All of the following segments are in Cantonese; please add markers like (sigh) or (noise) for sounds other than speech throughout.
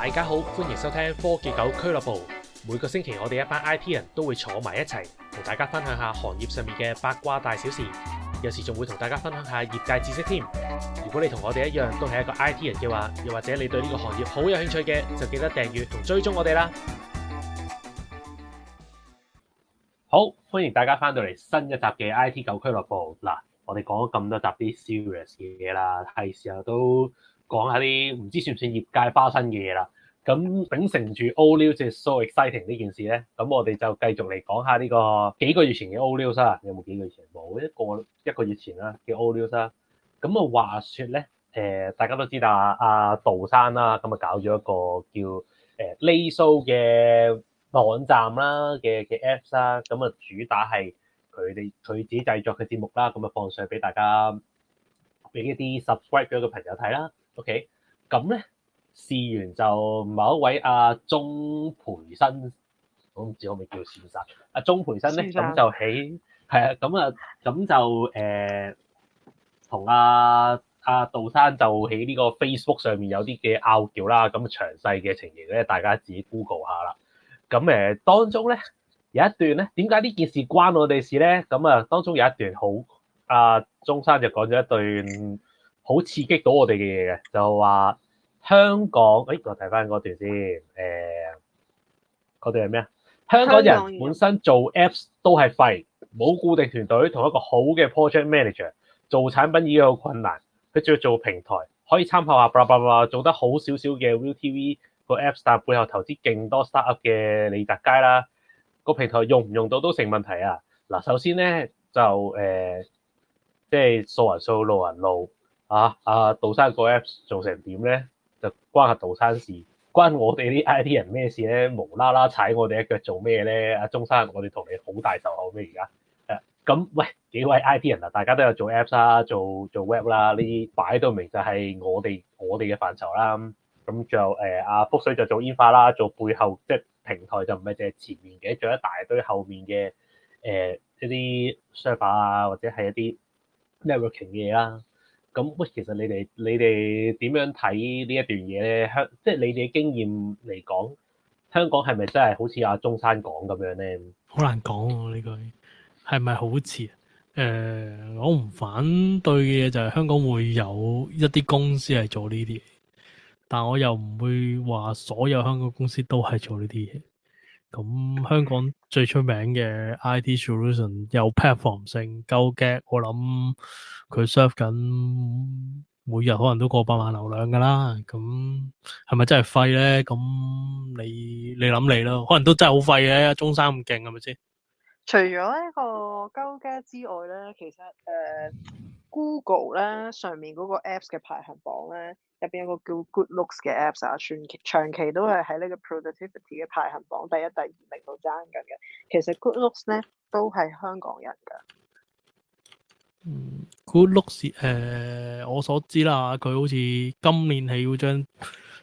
大家好，歡迎收聽科技狗俱樂部。每個星期我哋一班 I T 人都會坐埋一齊，同大家分享下行業上面嘅八卦大小事，有時仲會同大家分享下業界知識添。如果你同我哋一樣都係一個 I T 人嘅話，又或者你對呢個行業好有興趣嘅，就記得訂閱同追蹤我哋啦。好，歡迎大家翻到嚟新一集嘅 I T 狗俱樂部。嗱，我哋講咗咁多集啲 serious 嘅嘢啦，係時候都～講下啲唔知算唔算業界花生嘅嘢啦。咁秉承住 All News is So Exciting 呢件事咧，咁我哋就繼續嚟講下呢個幾個月前嘅 All News 啊。有冇幾個月前？冇一個一個月前啦叫 All News。咁 new 啊話説咧，誒大家都知道啊，阿杜生啦、啊，咁啊搞咗一個叫誒喱騷嘅網站啦，嘅嘅 Apps 啦。咁啊就主打係佢哋佢自己製作嘅節目啦，咁啊放上俾大家俾一啲 Subscribe 咗嘅朋友睇啦。O K，咁咧試完就某一位阿、啊、鍾培生，我唔知可唔可以叫先生。阿、啊、鍾培生咧，咁生就喺係啊，咁、呃、啊，咁、啊、就誒同阿阿杜生就喺呢個 Facebook 上面有啲嘅拗撬啦。咁詳細嘅情形咧，大家自己 Google 下啦。咁誒、啊、當中咧有一段咧，點解呢件事關我哋事咧？咁啊，當中有一段好阿、啊、鍾生就講咗一段。好刺激到我哋嘅嘢嘅，就話香港，哎，我睇翻嗰段先，誒、欸，嗰段係咩啊？香港人本身做 Apps 都係廢，冇固定團隊，同一個好嘅 Project Manager 做產品已經有困難，佢仲要做平台，可以參考下，巴拉巴拉巴拉做得好少少嘅 ViuTV 個 Apps，但背後投資勁多 Startup 嘅利達街啦，個平台用唔用到都成問題啊！嗱，首先咧就誒，即、欸、係、就是、數人數路人路。啊！阿杜生個 Apps 做成點咧，就關下杜生事，關我哋啲 IT 人咩事咧？無啦啦踩我哋一腳做咩咧？阿鍾生，我哋同你好大仇口咩？而家誒咁，喂幾位 IT 人啊！大家都有做 Apps、啊、啦，做做 Web 啦，呢啲擺到明就係我哋我哋嘅範疇啦。咁最後誒，阿、啊、福水就做煙花啦，做背後即係、就是、平台就唔係，淨係前面嘅做一大堆後面嘅誒、呃就是、一啲 server 啊，或者係一啲 networking 嘅嘢啦。咁，其實你哋你哋點樣睇呢一段嘢咧？香即係你哋經驗嚟講，香港係咪真係好似阿中山講咁樣咧？好難講喎、啊，呢句係咪好似？誒、呃，我唔反對嘅嘢就係香港會有一啲公司係做呢啲，但我又唔會話所有香港公司都係做呢啲嘢。咁香港最出名嘅 IT solution 有 platform 性、GoGet 我諗佢 serve 緊每日可能都過百萬流量噶啦，咁係咪真係廢咧？咁你你諗你咯，可能都真係好廢嘅，中山咁勁係咪先？是是除咗呢個、GoGet 之外咧，其實誒。Uh Google 咧上面嗰個 Apps 嘅排行榜咧，入邊有個叫 Good Looks 嘅 Apps 啊，全長期都係喺呢個 Productivity 嘅排行榜第一、第二名度爭緊嘅。其實 Good Looks 咧都係香港人噶。嗯、Good Looks 誒、呃，我所知啦，佢好似今年係要將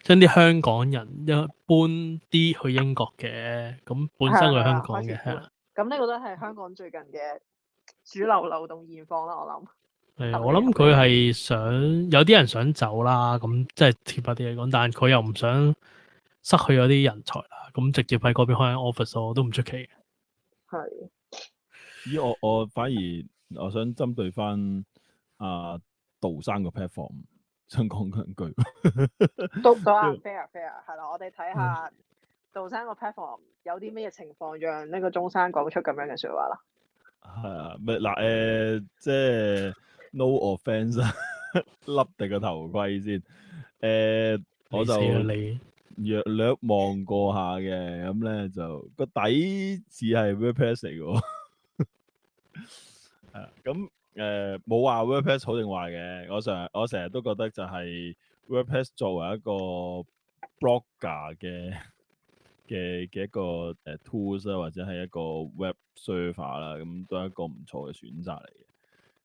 將啲香港人一搬啲去英國嘅，咁本身佢香港嘅係啦。咁呢個都係香港最近嘅主流流動現況啦，我諗。係、嗯、我諗佢係想，想有啲人想走啦，咁、嗯、即係貼翻啲嘢講，但係佢又唔想失去咗啲人才啦，咁、嗯、直接喺嗰邊開 office 我都唔出奇。係是。 (laughs) 咦，我我反而我想針對翻啊杜生個 platform，想講兩句。 (laughs) 都得、 (laughs) 嗯、fair fair 係啦，我哋睇下杜生個 platform 有啲咩情況，讓呢個中山講出咁樣嘅說話啦。係、嗯、 (laughs) 啊，咪嗱誒，即係。 (laughs) no offense 笠定個頭盔先。誒，我就你，略略望過下嘅，咁咧就個底字係 WordPress 嚟嘅。係咁誒冇話 WordPress 好定壞嘅。我成日我成日都覺得就係 WordPress 作為一個 blogger 嘅嘅嘅一個誒、呃、tools 個 server，啊，或者係一個 web server 啦，咁都係一個唔錯嘅選擇嚟嘅。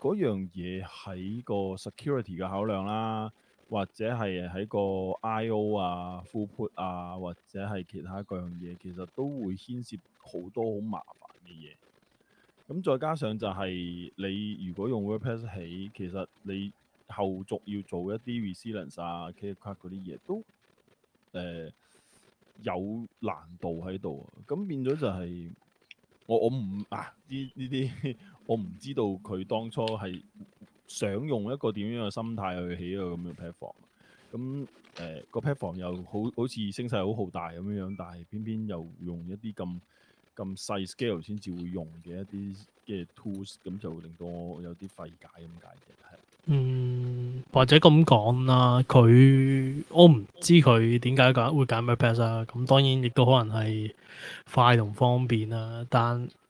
嗰樣嘢喺個 security 嘅考量啦，或者係喺個 IO 啊、fullput 啊，或者係其他各樣嘢，其實都會牽涉好多好麻煩嘅嘢。咁再加上就係你如果用 WordPress 起，其實你後續要做一啲 resilience 啊、care cut 嗰啲嘢，都誒、呃、有難度喺度、就是。啊。咁變咗就係我我唔啊呢呢啲。 (laughs) 我唔知道佢當初係想用一個點樣嘅心態去起一個咁嘅 platform，咁誒、呃這個 platform 又好好似聲勢好浩大咁樣樣，但係偏偏又用一啲咁咁細 scale 先至會用嘅一啲嘅 tools，咁就會令到我有啲費解咁解嘅，係。嗯，或者咁講啦，佢我唔知佢點解揀會揀咩 pet 啊，咁當然亦都可能係快同方便啦，但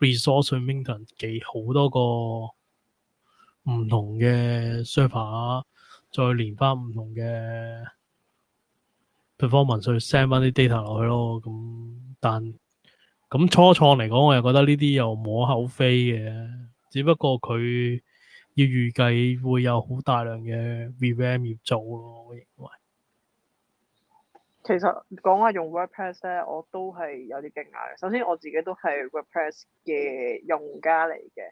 resource maintenance 幾好多個唔同嘅 server，啊，再連返唔同嘅 performance，去 send 翻啲 data 落去咯。咁但咁初創嚟講，我又覺得呢啲又無可厚非嘅。只不過佢要預計會有好大量嘅 VM 要做咯，我認為。其實講話用 WordPress 咧，我都係有啲驚訝嘅。首先我自己都係 WordPress 嘅用家嚟嘅，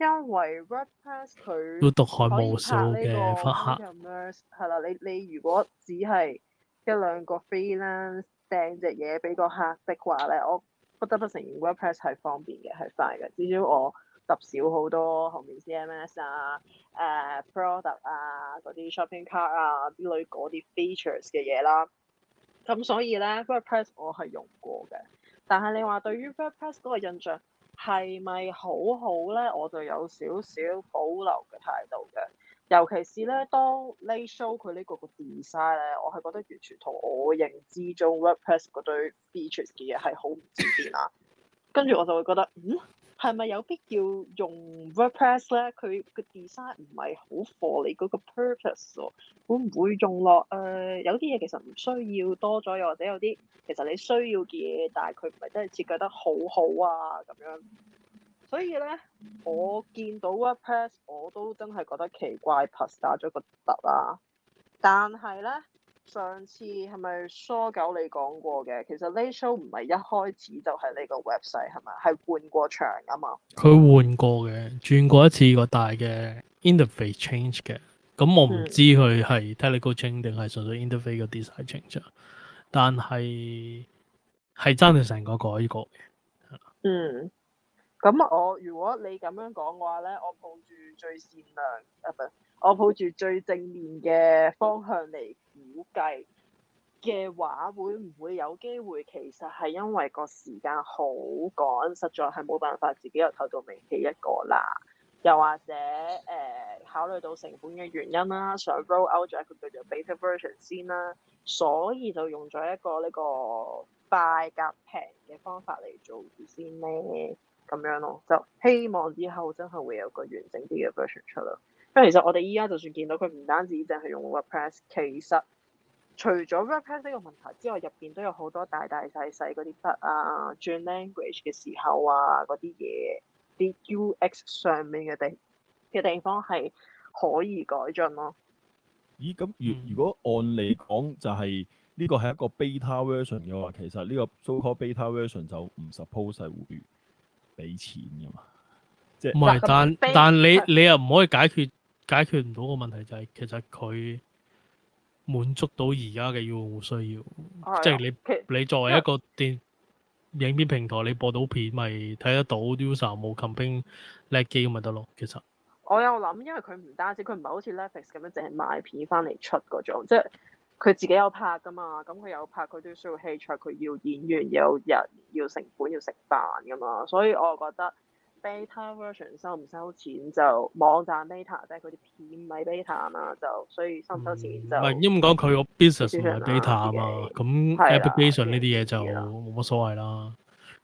因為 WordPress 佢可以客呢個 C M S 係啦。你你如果只係一兩個 freelance 掟隻嘢俾個客的話咧，我不得不承認 WordPress 係方便嘅，係快嘅。至少我揼少好多後面 C M S 啊、誒、啊、product 啊嗰啲 shopping cart 啊啲類嗰啲 features 嘅嘢啦。咁所以咧，WordPress 我係用過嘅，但係你話對於 WordPress 嗰個印象係咪好好咧？我就有少少保留嘅態度嘅，尤其是咧，當呢 show 佢呢個個 design 咧，我係覺得完全同我認知中 (laughs) WordPress 嗰堆 features 嘅嘢係好唔似㗎，跟住我就會覺得嗯。係咪有必要用 WordPress 咧？佢個 design 唔係好 for 你嗰、嗰個 purpose 喎，會唔會用落誒、呃？有啲嘢其實唔需要多咗，又或者有啲其實你需要嘅嘢，但係佢唔係真係設計得好好啊咁樣。所以咧，我見到 WordPress 我都真係覺得奇怪，Plus 打咗個突啦。但係咧。上次係咪蘇狗你講過嘅？其實呢 show 唔係一開始就係呢個 website 係咪？係換過場啊嘛。佢換過嘅，轉過一次一個大嘅 interface change 嘅。咁我唔知佢係 technical change 定係純粹 interface 個 design change，但係係真係成個改革嘅。嗯，咁我如果你咁樣講嘅話咧，我抱住最善良啊，唔係，我抱住最正面嘅方向嚟。估計嘅話，會唔會有機會？其實係因為個時間好趕，實在係冇辦法自己由頭到尾起一個啦。又或者誒、呃，考慮到成本嘅原因啦，想 roll out 咗一個叫做 beta version 先啦，所以就用咗一個呢個快夾平嘅方法嚟做先咧，咁樣咯。就希望以後真係會有個完整啲嘅 version 出啦。因為其實我哋依家就算見到佢唔單止凈係用 WordPress，其實除咗 repaint 呢個問題之外，入邊都有好多大大細細嗰啲筆啊、轉 language 嘅時候啊嗰啲嘢，啲 UX 上面嘅地嘅地方係可以改進咯。咦？咁如如果按嚟講，就係呢個係一個 beta version 嘅話，其實呢個 so-called beta version 就唔 suppose 係會俾錢㗎嘛？嗯、即係唔係？啊、但 B 但你是你又唔可以解決解決唔到個問題、就係，就係其實佢。滿足到而家嘅用戶需要，啊、即係你實你作為一個電,為電影片平台，你播到片咪睇得到，user d 冇 competing 叻咁咪得咯。其實我有諗，因為佢唔單止佢唔係好似 Netflix 咁樣，淨係賣片翻嚟出嗰種，即係佢自己有拍噶嘛，咁佢有拍佢都需要器材，佢要演員，有人要成本要食飯噶嘛，所以我覺得。Beta version 收唔收錢就網站 beta 即係佢啲片咪 beta 嘛，就所以收唔收錢就,、嗯、就因為咁講佢個 business 係 beta 啊嘛，咁 application 呢啲嘢就冇乜的所謂啦。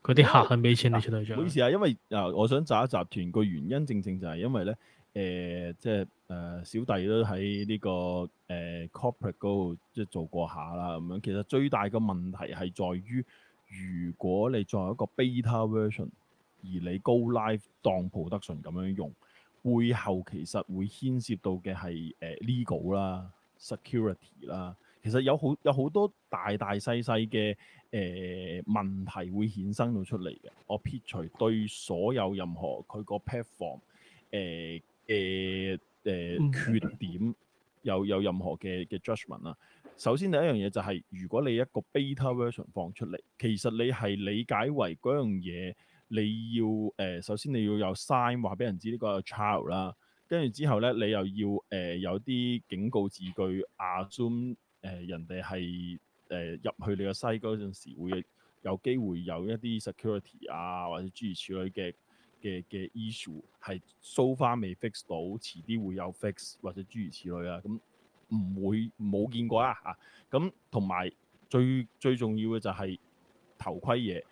佢啲客肯俾的錢你出嚟唔好意思啊，因為啊、呃，我想找一集團個原因正正就係因為咧，誒、呃，即係誒小弟都喺呢、這個誒、呃、corporate 嗰度即係做過下啦咁樣。其實最大嘅問題係在於，如果你作為一個 beta version。而你 go live 當 production 咁樣用，背後其實會牽涉到嘅係誒 legal 啦、security 啦。其實有好有好多大大細細嘅誒問題會衍生到出嚟嘅。我撇除對所有任何佢個 platform 誒誒誒缺點有有任何嘅嘅 judgment 啦。首先第一樣嘢就係、是，如果你一個 beta version 放出嚟，其實你係理解為嗰樣嘢。你要誒、呃、首先你要有 sign 話俾人知呢個 child 啦，跟住之後咧你又要誒、呃、有啲警告字句 assume、呃、人哋係誒入去你個西嗰陣時會有機會有一啲 security 啊或者諸如此類嘅嘅嘅 issue 係 so far 未 fix 到，遲啲會有 fix 或者諸如此類啊，咁唔會冇見過啦、啊、嚇，咁同埋最最重要嘅就係頭盔嘢。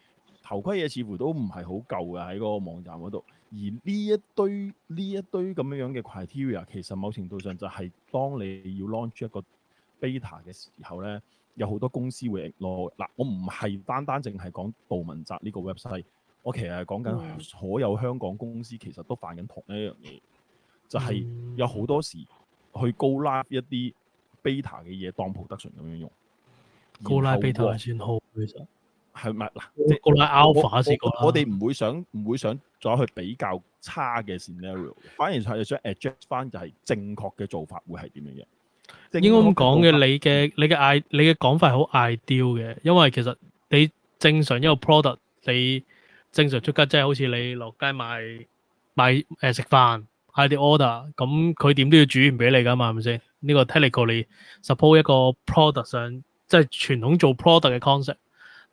頭盔嘢似乎都唔係好舊嘅，喺嗰個網站嗰度，而呢一堆呢一堆咁樣樣嘅 criteria 其實某程度上就係當你要 launch 一個 beta 嘅時候咧，有好多公司會攞嗱，我唔係單單淨係講杜汶澤呢個 website，我其實係講緊所有香港公司其實都犯緊同一樣嘢，嗯、就係有好多時去高拉一啲 beta 嘅嘢當 production 咁樣用，高拉 live beta 係後算好其實。係咪嗱？我我哋唔會想唔會想再去比較差嘅 scenario，的反而係想 adjust 翻就係正確嘅做法會係點樣嘅？應該咁講嘅，你嘅你嘅嗌你嘅講法係好 ideal 嘅，因為其實你正常一個 product，你正常出街即係好似你落街買買誒食飯，下啲 order，咁佢點都要煮完俾你㗎嘛？係咪先？呢個 technical 你 support 一個 product 上即係傳統做 product 嘅 concept。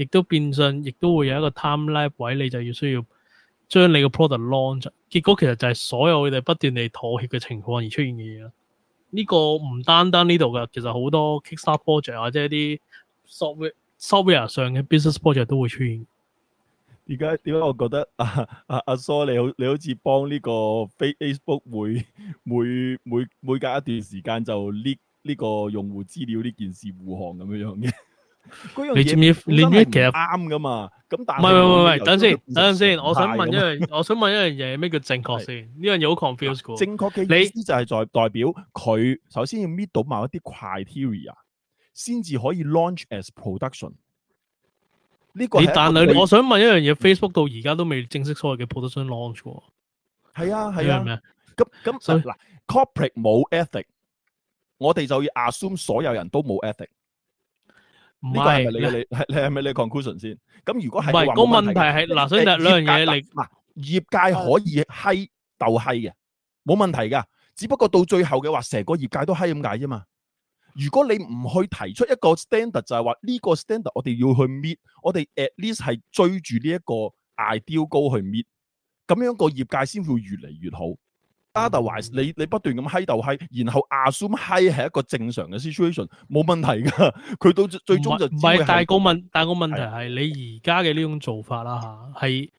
亦都變相，亦都會有一個 time lapse 位，你就要需要將你個 product launch。結果其實就係所有佢哋不斷地妥協嘅情況而出現嘅嘢。呢、呢個唔單單呢度嘅，其實好多 kickstart project 或者一啲 software、software 上嘅 business project 都會出現。而家點解我覺得啊阿阿蘇你好你好似幫呢個 Facebook 會每每每隔一段時間就匿呢個用戶資料呢件事護航咁樣樣嘅？你知唔知？你呢其實啱噶嘛？咁但係唔係唔係唔係？等陣先，等陣先，我想問一樣，我想問一樣嘢，咩叫正確先？呢樣嘢好 confuse。正確嘅意思就係代代表佢首先要 meet 到某一啲 criteria，先至可以 launch as production。呢個但係我想問一樣嘢，Facebook 到而家都未正式所謂嘅 production launch。係啊係啊。呢樣咩？咁咁嗱，corporate 冇 ethic，我哋就要 assume 所有人都冇 ethic。呢個係你嘅？啊、是是你係你係咪你 conclusion 先？咁如果係個是問題係嗱，所以就兩界樣嘢你嗱，業界可以嗨鬥嗨嘅，冇問題噶。只不過到最後嘅話，成個業界都嗨咁解啫嘛。如果你唔去提出一個 standard，就係話呢個 standard，我哋要去 meet，我哋 at least 係追住呢一個 ideal goal 去 meet，咁樣個業界先會越嚟越好。data-wise，你你不斷咁 hit 逗 hit 然後 assume hit 係一個正常嘅 situation，冇問題噶。佢到最終就唔係，但係個問但係個問題係是的 你而家嘅呢種做法啦吓，係的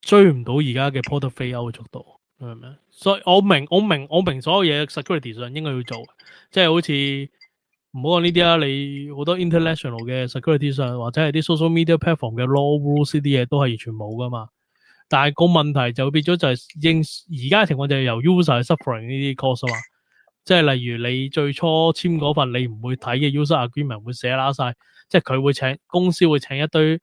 追唔到而家嘅 portfolio 嘅速度，明唔明？所以我明我明我明所有嘢 security 上應該要做，即係好似唔好講呢啲啦，你好多 international 嘅 security 上或者係啲 social media platform 嘅 law rules 呢啲嘢都係完全冇噶嘛。但係個問題就變咗就係應而家嘅情況就係由 user 去 suffering 呢啲 cost 啊嘛，即係例如你最初簽嗰份你唔會睇嘅 user agreement 會寫啦晒，即係佢會請公司會請一堆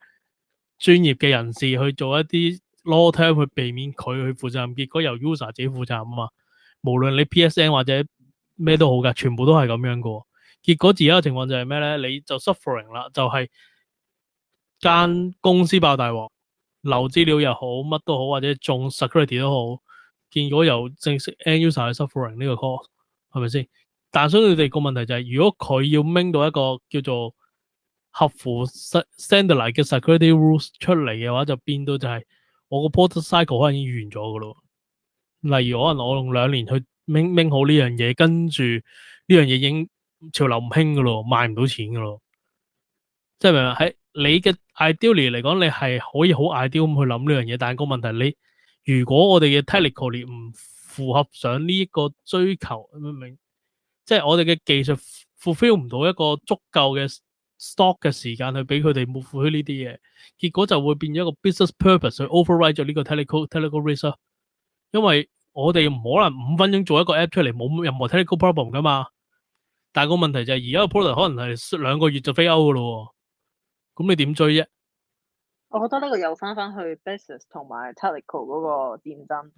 專業嘅人士去做一啲 law term 去避免佢去負責任，結果由 user 自己負責啊嘛。無論你 PSN 或者咩都好噶，全部都係咁樣個。結果而家嘅情況就係咩咧？你就 suffering 啦，就係、是、間公司爆大鑊。留資料又好，乜都好，或者做 security 都好，見過由正式 end user suffering 呢個 course 係咪先？但所以你哋個問題就係、是，如果佢要掹到一個叫做合乎 standardized 嚟嘅 security rules 出嚟嘅話，就變到就係我個 product cycle 可能已經完咗㗎咯。例如可能我用兩年去掹掹好呢樣嘢，跟住呢樣嘢已經潮流唔興㗎咯，賣唔到錢㗎咯，即係咪喺？你嘅 ideally 嚟講你係可以好 ideal 咁去諗呢樣嘢但係個問題你如果我哋嘅 technical 唔符合上呢個追求明明即係我哋嘅技術 fulfill 唔到一個足夠嘅 stock 嘅時間去俾佢哋冇付出呢啲嘢結果就會變咗一個 business purpose 去 override 咗呢個 technology, technical technical research 因為我哋唔可能五分鐘做一個 app 出嚟冇任何 technical problem 噶嘛但係個問題就係而家個 product 可能係兩個月就飛歐噶咯咁你點追啫？我覺得呢個又翻翻去 Business 同埋 technical 嗰個戰爭，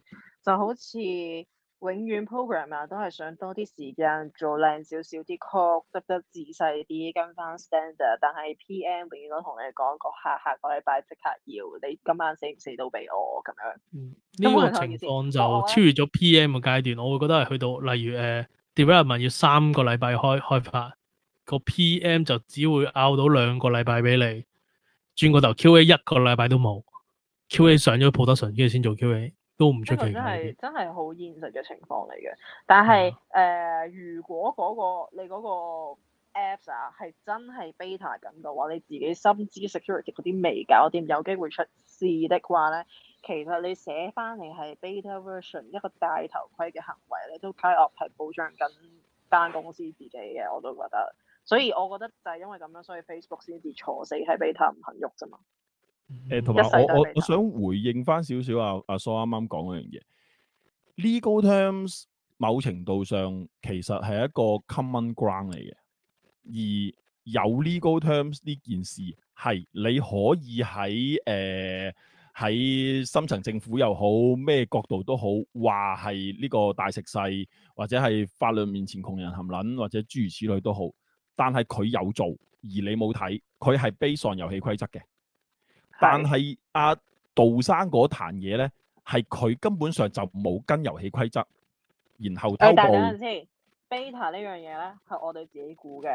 就好似永遠 program 啊，都係想多啲時間做靚少少啲 call，得得仔細啲跟翻 standard。但係 PM 永遠都同你講，那個下下個禮拜即刻要你今晚死唔死到俾我咁樣。呢、嗯這個情況就超越咗 PM 嘅階段，我會覺得係去到例如誒、uh, development 要三個禮拜開開拍。個 PM 就只會拗到兩個禮拜俾你，轉個頭 QA 一個禮拜都冇，QA 上咗 production 跟住先做 QA，都唔出奇。呢個真係、嗯、真係好現實嘅情況嚟嘅。但係誒、嗯呃，如果嗰、嗰個你嗰個 apps 啊係真係 beta 緊嘅話，你自己心知 security 嗰啲未搞掂，有機會出事的話咧，其實你寫翻嚟係 beta version 一個大頭盔嘅行為咧，都 kind of 係保障緊間公司自己嘅，我都覺得。所以我覺得就係因為咁樣，所以 Facebook 先至坐死喺 Beta 唔肯喐啫嘛。誒、嗯，同埋我我我想回應翻少少啊啊蘇啱啱講嗰樣嘢，Legal Terms 某程度上其實係一個 common ground 嚟嘅，而有 Legal Terms 呢件事係你可以喺誒喺深層政府又好，咩角度都好，話係呢個大食細，或者係法律面前窮人含撚，或者諸如此類都好。但係佢有做，而你冇睇，佢係 base on 遊戲規則嘅。但係阿杜生嗰壇嘢咧，係佢根本上就冇跟遊戲規則。然後都冇。誒，等陣先，beta 呢樣嘢咧係我哋自己估嘅。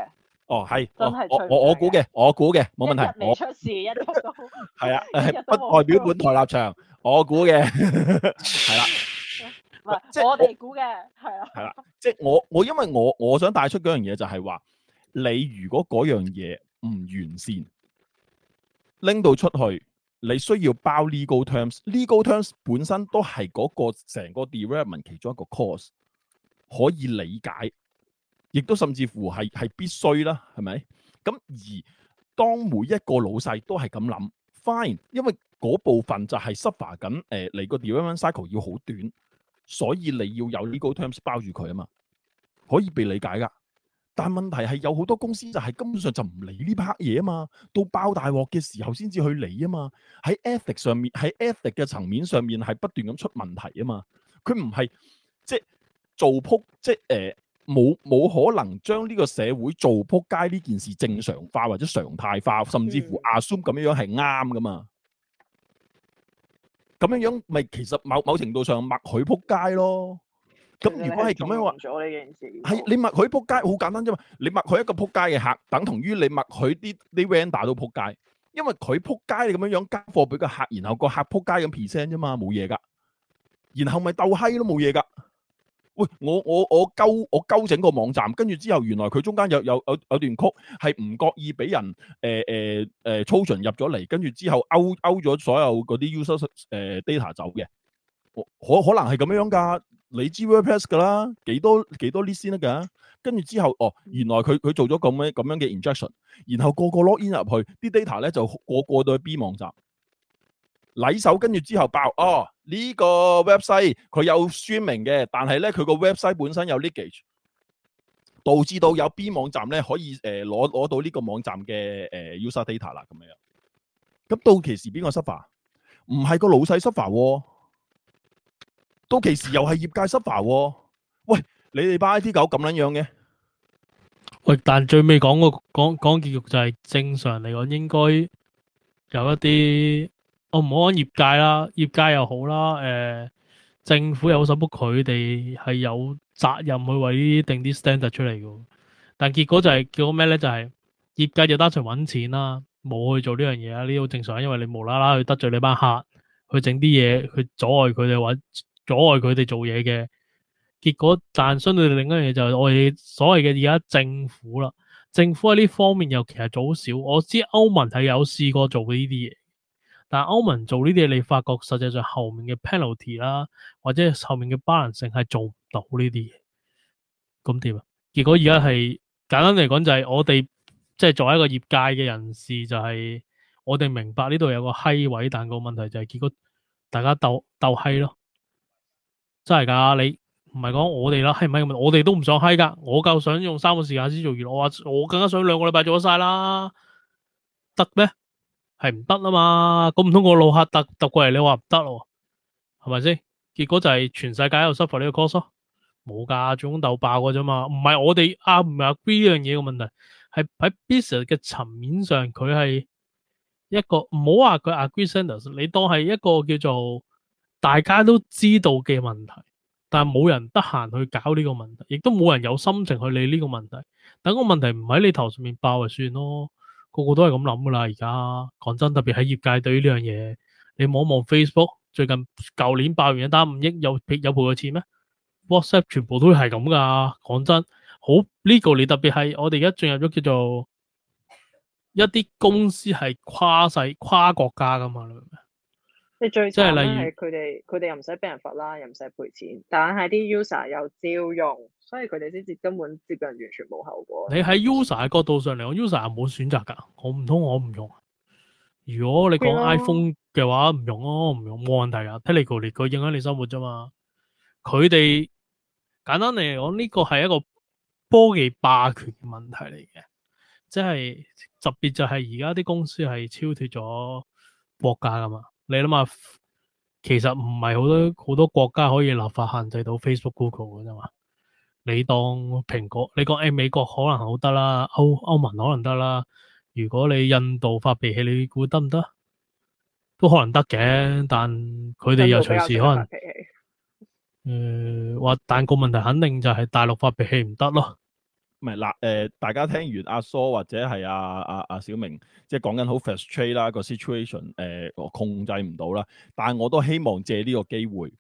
哦，係。都係隨便。我我我估嘅，我估嘅，冇問題。出事一出都。係啊，不代表本台立場。我估嘅，係啦。唔係，即係我哋估嘅，係啊。係啦，即係我我因為我我想帶出嗰樣嘢就係話。你如果樣嘢唔完善，拎到出去，你需要包 legal terms。legal terms 本身都係嗰個成個 development 其中一個 cause，可以理解，亦都甚至乎係係必須啦，係咪？咁而當每一個老細都係咁諗，fine，因為嗰部分就係 suffer 緊，誒嚟個 development cycle 要好短，所以你要有 legal terms 包住佢啊嘛，可以被理解噶。但問題係有好多公司就係根本上就唔理呢 part 嘢啊嘛，到爆大鑊嘅時候先至去理啊嘛。喺 ethic 上面，喺 ethic 嘅層面上面係不斷咁出問題啊嘛。佢唔係即係做仆即係誒冇冇可能將呢個社會做仆街呢件事正常化或者常態化，甚至乎 assume 咁樣樣係啱㗎嘛？咁樣樣咪其實某某程度上默許仆街咯。咁如果係咁樣話，係你默佢撲街好簡單啫嘛。你默佢一個撲街嘅客，等同於你默佢啲啲 vendor 都撲街，因為佢撲街咁樣樣交貨俾個客，然後個客撲街咁 present 啫嘛，冇嘢噶。然後咪鬥閪都冇嘢噶。喂，我我我勾我勾整個網站，跟住之後原來佢中間有有有有段曲係唔覺意俾人誒誒誒操巡入咗嚟，跟住之後勾勾咗所有嗰啲 user 誒 data 走嘅，可可能係咁樣噶。你知 WordPress 噶啦，幾多幾多 list 先得噶，啊？跟住之後，哦，原來佢佢做咗咁樣咁樣嘅 injection，然後個個 load in 入去啲 data 咧，就個個到去 B 網站，禮手跟住之後爆哦，呢、這個 website 佢有聲明嘅，但係咧佢個 website 本身有 leakage，導致到有 B 網站咧可以誒攞攞到呢個網站嘅誒、呃、user data 啦咁樣。咁到期時邊個 suffer？唔係個老細 suffer 喎。到其時又係業界 suffer 喂，你哋班 IT 狗咁卵樣嘅？喂，但最尾講個講講結局就係正常嚟講應該有一啲，我唔好講業界啦，業界又好啦，誒，政府有冇想逼佢哋係有責任去為呢啲定啲 standard 出嚟嘅？但結果就係叫咩咧？就係業界就單純搵錢啦，冇去做呢樣嘢啦，呢啲好正常，因為你無啦啦去得罪你班客，去整啲嘢去阻礙佢哋搵。阻礙佢哋做嘢嘅結果，但相對另一樣嘢就係我哋所謂嘅而家政府啦，政府喺呢方面又其實做好少。我知歐盟係有試過做呢啲嘢，但係歐盟做呢啲嘢，你發覺實際上後面嘅 penalty 啦，或者後面嘅 balance 係做唔到呢啲嘢，咁點啊？結果而家係簡單嚟講就係我哋即係作為一個業界嘅人士，就是，就係我哋明白呢度有個閪位，但個問題就係結果大家鬥鬥閪咯。真係噶，你唔係講我哋啦，係唔係咁我哋都唔想嗨 i 噶，我夠想，想用三個時間先做完，我話我更加想兩個禮拜做晒啦，得咩？係唔得啦嘛？咁唔通我老客特特過嚟，你話唔得咯？係咪先？結果就係全世界都 suffer 呢個官司，冇噶，中斗霸個啫嘛。唔係我哋啊唔係 agree 呢樣嘢個問題，係喺 business 嘅層面上，佢係一個唔好話佢 agree centers，你當係一個叫做。大家都知道嘅問題，但係冇人得閒去搞呢個問題，亦都冇人有心情去理呢個問題。等個問題唔喺你頭上面爆就算咯。個個都係咁諗噶啦。而家講真，特別喺業界，對於呢樣嘢，你望一望 Facebook，最近舊年爆完一單五億，有有賠過錢咩？WhatsApp 全部都係咁噶。講真，好呢個你特別係我哋而家進入咗叫做一啲公司係跨世跨國家噶嘛。即係例如，佢哋，佢哋又唔使俾人罰啦，又唔使賠錢，但係啲 user 又照用，所以佢哋先至根本接近完全冇後果。你喺 user 嘅角度上嚟講，user 係冇選擇噶，我唔通我唔用？如果你講 iPhone 嘅話，唔的用咯，唔用冇問題啊。睇你個，你佢影響你生活啫嘛。佢哋簡單嚟講，呢個係一個科技霸權嘅問題嚟嘅，即係特別就係而家啲公司係超脫咗國家噶嘛。你諗下，其實唔係好多好多國家可以立法限制到 Facebook、Google 嘅啫嘛。你當蘋果，你講誒美國可能好得啦，歐歐盟可能得啦。如果你印度發脾氣，你估得唔得？都可能得嘅，但佢哋又隨時可能。誒、呃，話但個問題肯定就係大陸發脾氣唔得咯。唔係嗱，誒大家聽完阿、啊、蘇或者係阿阿阿小明，即係講緊好 frustrate 啦個 situation，誒、呃、我控制唔到啦。但係我都希望借呢個機會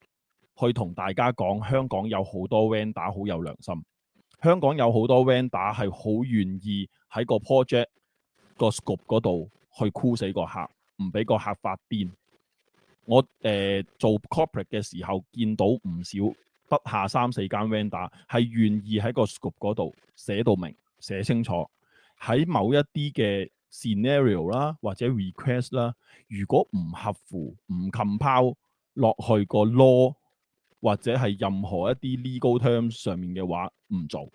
去同大家講，香港有好多 vendor 好有良心，香港有好多 vendor 係好願意喺個 project 個 scope 嗰度去箍死個客，唔俾個客發癲。我誒、呃、做 corporate 嘅時候見到唔少。不下三四間 vendor 係願意喺個 scope 嗰度寫到明、寫清楚，喺某一啲嘅 scenario 啦或者 request 啦，如果唔合乎、唔 comply 落去個 law 或者係任何一啲 legal terms 上面嘅話，唔做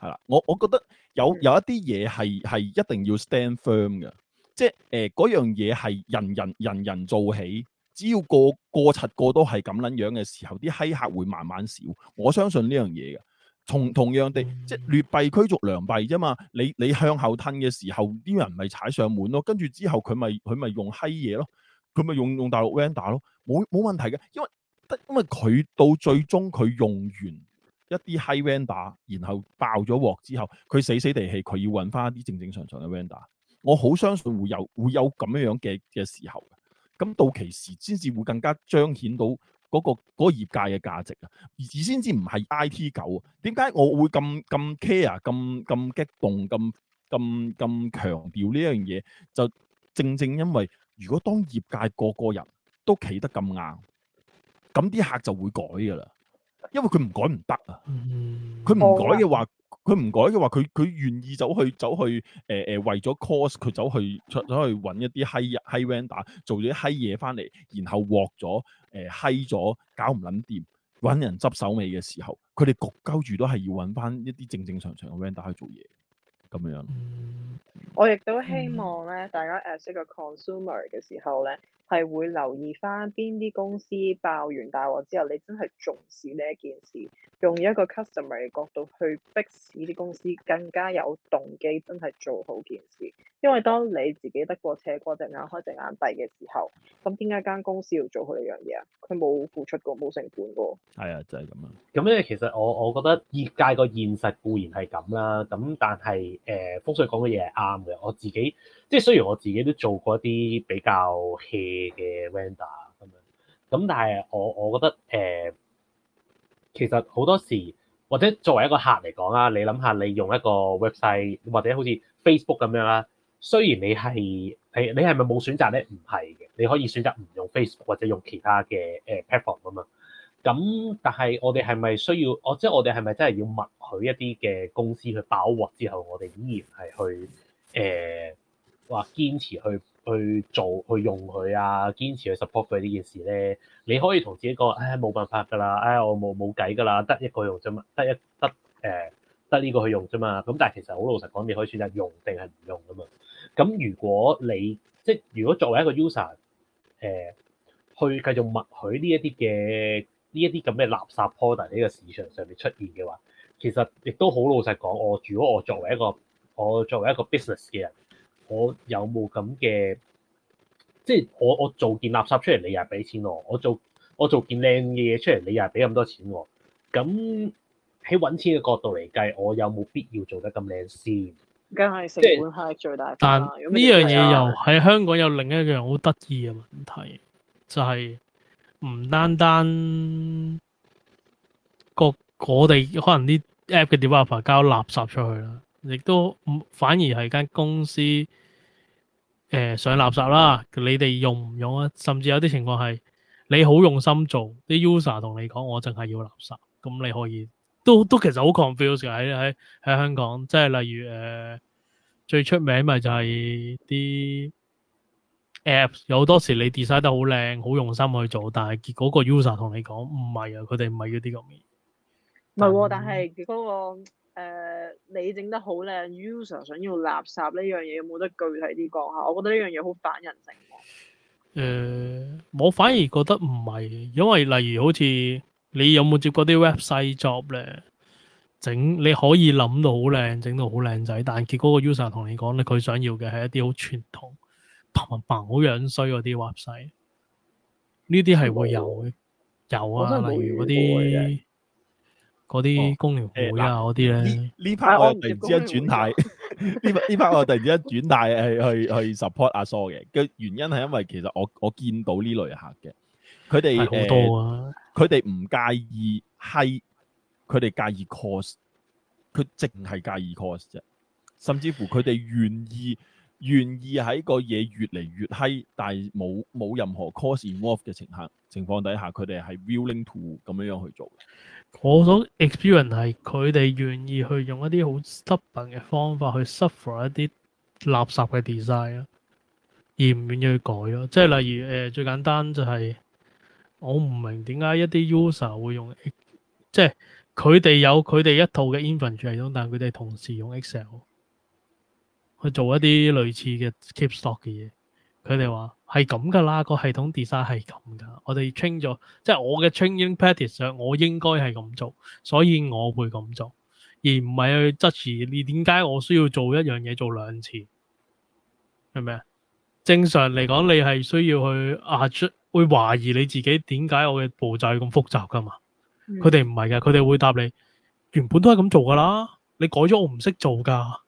係啦。我我覺得有有一啲嘢係係一定要 stand firm 嘅，即係誒嗰樣嘢係人人人人做起。只要個個七個都係咁撚樣嘅時候，啲閪客會慢慢少。我相信呢樣嘢嘅，同同樣地，即係劣幣驅逐良幣啫嘛。你你向後吞嘅時候，啲人咪踩上門咯。跟住之後佢咪佢咪用閪嘢咯，佢咪用用大陸 van 打咯，冇冇問題嘅。因為得因為佢到最終佢用完一啲閪 van 打，然後爆咗鑊之後，佢死死地氣，佢要揾翻一啲正正常常嘅 van 打。我好相信會有會有咁樣嘅嘅時候。咁到其時先至會更加彰顯到嗰個嗰個業界嘅價值啊，而先至唔係 I T 狗啊。點解我會咁咁 care、咁咁激動、咁咁咁強調呢樣嘢？就正正因為如果當業界個個人都企得咁硬，咁啲客就會改噶啦，因為佢唔改唔得啊。佢唔、嗯、改嘅話。嗯佢唔改嘅話，佢佢願意走去走去，誒、呃、誒，為咗 cost 佢走去出走去揾一啲閪日閪 vendor 做咗啲閪嘢翻嚟，然後鑊咗，誒，閪咗，搞唔捻掂，揾人執手尾嘅時候，佢哋焗鳩住都係要揾翻一啲正正常常嘅 vendor 去做嘢，咁樣。 (music) 我亦都希望咧，大家 as 一個 consumer 嘅時候咧。係會留意翻邊啲公司爆完大鑊之後，你真係重視呢一件事，用一個 customer 嘅角度去逼使啲公司更加有動機，真係做好件事。因為當你自己得過且過，隻眼開隻眼閉嘅時候，咁點解間公司要做好呢樣嘢啊？佢冇付出過，冇成本過。係啊，就係咁啊。咁咧，其實我我覺得業界個現實固然係咁啦，咁但係誒、呃，風水講嘅嘢係啱嘅，我自己。即係雖然我自己都做過一啲比較 hea 嘅 vendor 咁樣，咁但係我我覺得誒、呃，其實好多時或者作為一個客嚟講啊，你諗下你用一個 website 或者好似 Facebook 咁樣啦，雖然你係你你係咪冇選擇咧？唔係嘅，你可以選擇唔用 Facebook 或者用其他嘅誒、呃、platform 啊嘛。咁但係我哋係咪需要？即我即係我哋係咪真係要默許一啲嘅公司去包獲之後，我哋依然係去誒？呃話堅持去去做去用佢啊！堅持去 support 佢呢件事咧，你可以同自己講，唉、哎，冇辦法㗎啦！唉、哎，我冇冇計㗎啦，得一個用啫嘛，得一得誒，得呢個，個，個去用啫嘛。咁但係其實好老實講，你可以選擇用定係唔用㗎嘛。咁如果你即係如果作為一個 user 誒、呃，去繼續默許呢一啲嘅呢一啲咁嘅垃圾 product 喺個市場上面出現嘅話，其實亦都好老實講，我如果我作為一個我作為一個 business 嘅人。我有冇咁嘅？即係我我做件垃圾出嚟，你又俾錢我，我做我做件靚嘅嘢出嚟，你又俾咁多錢我。咁喺搵錢嘅角度嚟計，我有冇必要做得咁靚先？梗係成本係最大。就是、但呢樣嘢又喺香港有另一樣好得意嘅問題，就係、是、唔單單個我哋可能啲 app 嘅 developer 交垃圾出去啦，亦都反而係間公司。誒、呃、上垃圾啦，你哋用唔用啊？甚至有啲情況係你好用心做，啲 user 同你講，我淨係要垃圾，咁你可以都都其實好 confused 喺喺香港，即係例如誒、呃、最出名咪就係啲 apps，有好多時你 design 得好靚，好用心去做，但係結果個 user 同你講唔係啊，佢哋唔係要啲咁嘅。唔係喎，但係結果我。誒，你整得好靚，user 想要垃圾呢樣嘢有冇得具體啲講下？我覺得呢樣嘢好反人性。嗯，我反而覺得唔係，因為例如好似你有冇接過啲 website job 咧，整你可以諗到好靚，整到好靚仔，但結果個 user 同你講咧，佢想要嘅係一啲好傳統、平平平好樣衰嗰啲 website，呢啲係會有嘅，有啊，例如嗰啲。嗰啲工聯會啊，嗰啲咧呢呢排我突然之間轉態呢呢排我突然之間轉態係去 (laughs) 去 support 阿蘇嘅，嘅原因係因為其實我我見到呢類客嘅，佢哋好多啊。佢哋唔介意係佢哋介意 cost 佢淨係介意 cost 啫，甚至乎佢哋願意 (laughs) 願意喺個嘢越嚟越閪，但係冇冇任何 cost involved 嘅情況情況底下，佢哋係 willing to 咁樣樣去做。嗰種 experience 係佢哋願意去用一啲好 stubborn 嘅方法去 suffer 一啲垃圾嘅 design 咯，而唔願意去改咯、啊。即係例如誒、呃、最簡單就係、是、我唔明點解一啲 user 會用，即係佢哋有佢哋一套嘅 inventory 系統，但係佢哋同時用 Excel 去做一啲類似嘅 keep stock 嘅嘢。佢哋話係咁噶啦，個系統 design 係咁噶。我哋 train 咗，即係我嘅 training practice，我應該係咁做，所以我會咁做，而唔係去質疑你點解我需要做一樣嘢做兩次，係咪啊？正常嚟講，你係需要去 adjust，會懷疑你自己點解我嘅步驟咁複雜噶嘛？佢哋唔係噶，佢、hmm. 哋會答你原本都係咁做噶啦，你改咗我唔識做噶。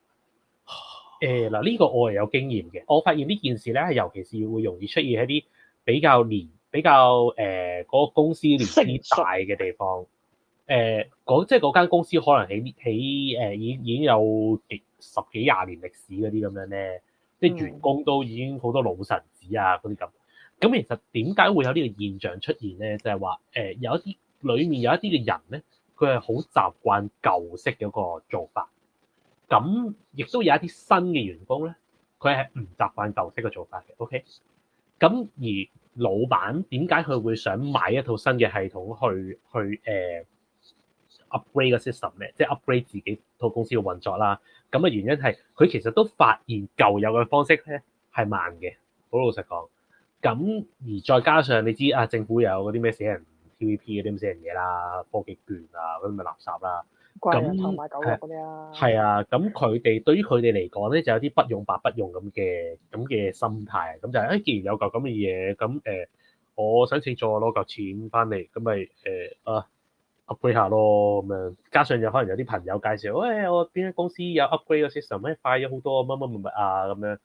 誒嗱，呢個我係有經驗嘅。我發現呢件事咧，係尤其是會容易出現一啲比較年比較誒嗰、呃嗰個公司年紀大嘅地方。誒、呃，即係嗰間公司可能喺喺誒已已經有十幾十幾廿年歷史嗰啲咁樣咧，啲員工都已經好多老臣子啊嗰啲咁。咁其實點解會有呢個現象出現咧？就係話誒，有一啲裡面有一啲嘅人咧，佢係好習慣舊式嗰個做法。咁亦都有一啲新嘅員工咧，佢係唔習慣舊式嘅做法嘅。OK. 咁而老闆點解佢會想買一套新嘅系統去去誒、uh, upgrade 個 system 咧？即係 upgrade 自己套公司嘅運作啦。咁嘅原因係佢其實都發現舊有嘅方式咧係慢嘅，好老實講。咁而再加上你知啊，政府又有嗰啲咩死人 TVP 嗰啲咁死人嘢啦，科技券啊嗰啲咪垃圾啦、啊。咁同埋係啊，係那啊，咁佢哋對於佢哋嚟講咧，就有啲不用白不用咁嘅咁嘅心態啊，咁就係誒，既然有嚿咁嘅嘢，咁、嗯、誒，我想趁再攞嚿錢翻嚟，咁咪誒啊 upgrade 下咯，咁樣加上有可能有啲朋友介紹，誒、哎，我邊間公司有 upgrade 個 system，誒，快咗好多，乜乜乜乜啊，咁樣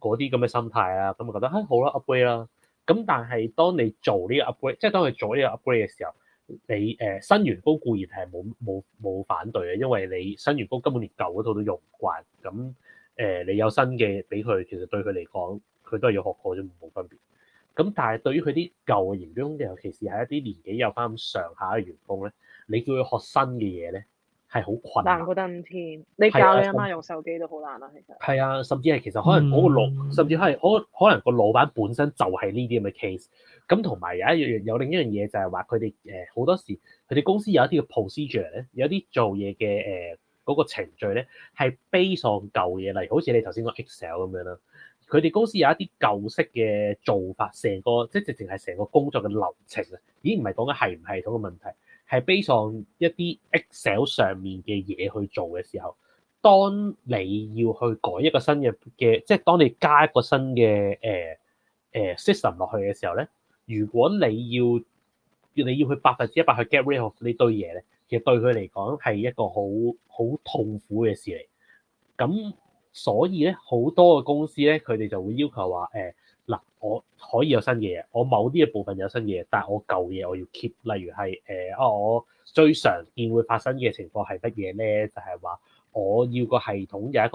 嗰啲咁嘅心態啊，咁就覺得、嗯嗯嗯、好啦，upgrade 啦，咁但係當你做呢個 upgrade，即係當你做呢個 upgrade 嘅時候。你誒、呃、新員工固然係冇冇冇反對嘅，因為你新員工根本連舊嗰套都用唔慣，咁誒、呃、你有新嘅俾佢，其實對佢嚟講，佢都係要學過啫，冇分別。咁但係對於佢啲舊嘅員工，尤其是係一啲年紀有翻咁上下嘅員工咧，你叫佢學新嘅嘢咧？係好困難，難過得登天。你教你阿媽，媽、啊、用手機都好難啦、啊，其實係啊，甚至係其實可能嗰個老，嗯、甚至係可可能個老闆本身就係呢啲咁嘅 case。咁同埋有一樣有另一樣嘢就係話佢哋誒好多時佢哋公司有一啲嘅 procedure 咧，有啲做嘢嘅誒嗰個程序咧係 base 上舊嘢，例如好似你頭先個 Excel 咁樣啦。佢哋公司有一啲舊式嘅做法，成個即係直情係成個工作嘅流程啊，咦唔係講緊係唔系統嘅問題。係 base 上一啲 Excel 上面嘅嘢去做嘅時候，當你要去改一個新嘅嘅，即係當你加一個新嘅誒誒 system 落去嘅時候咧，如果你要你要去百分之一百去 get rid of 呢堆嘢咧，其實對佢嚟講係一個好好痛苦嘅事嚟。咁所以咧，好多嘅公司咧，佢哋就會要求話誒，呃嗱，我可以有新嘢，我某啲嘅部分有新嘢，但係我舊嘢我要 keep。例如係誒，啊、呃，我最常見會發生嘅情況係乜嘢咧？就係、是、話我要個系統有一